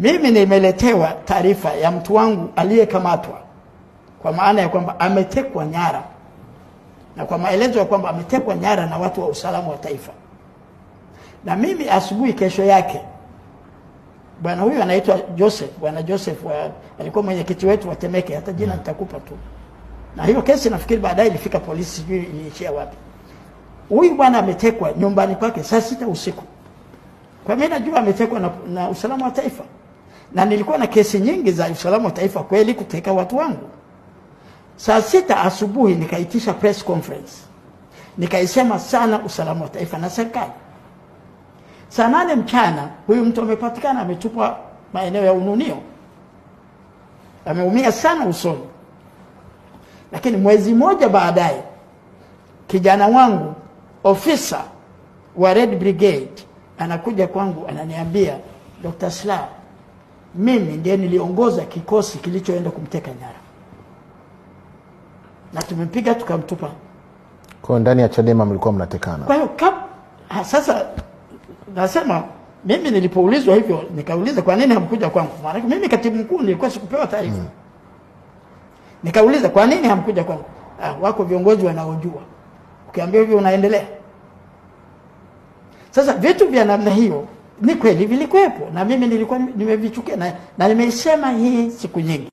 Mimi nimeletewa taarifa ya mtu wangu aliyekamatwa kwa maana ya kwamba ametekwa nyara, na kwa maelezo ya kwamba ametekwa nyara na watu wa usalama wa taifa. Na mimi asubuhi kesho yake, bwana huyu anaitwa Joseph, bwana Joseph wa, alikuwa mwenyekiti wetu wa Temeke, hata jina mm. nitakupa tu, na hiyo kesi nafikiri baadaye ilifika polisi, sijui iliishia wapi. Huyu bwana ametekwa nyumbani kwake saa sita usiku, kwa mimi najua ametekwa na, na usalama wa taifa na nilikuwa na kesi nyingi za usalama wa taifa kweli kuteka watu wangu. Saa sita asubuhi nikaitisha press conference, nikaisema sana usalama wa taifa na serikali. Saa nane mchana huyu mtu amepatikana ametupwa maeneo ya Ununio, ameumia sana usoni. Lakini mwezi mmoja baadaye kijana wangu ofisa wa Red Brigade anakuja kwangu ananiambia, Dr. Slaa mimi ndiye niliongoza kikosi kilichoenda kumteka nyara na tumempiga tukamtupa. Kwa ndani ya Chadema mlikuwa mnatekana? Kwa hiyo sasa nasema mimi nilipoulizwa hivyo nikauliza kwa nini hamkuja kwangu? Maana mimi katibu mkuu nilikuwa sikupewa taarifa. Hmm. Nikauliza kwa nini hamkuja kwangu? Ah, wako viongozi wanaojua. Ukiambia hivyo unaendelea. Sasa vitu vya namna hiyo ni kweli vilikuwepo, na mimi nilikuwa nimevichukia na, na nimeisema hii siku nyingi.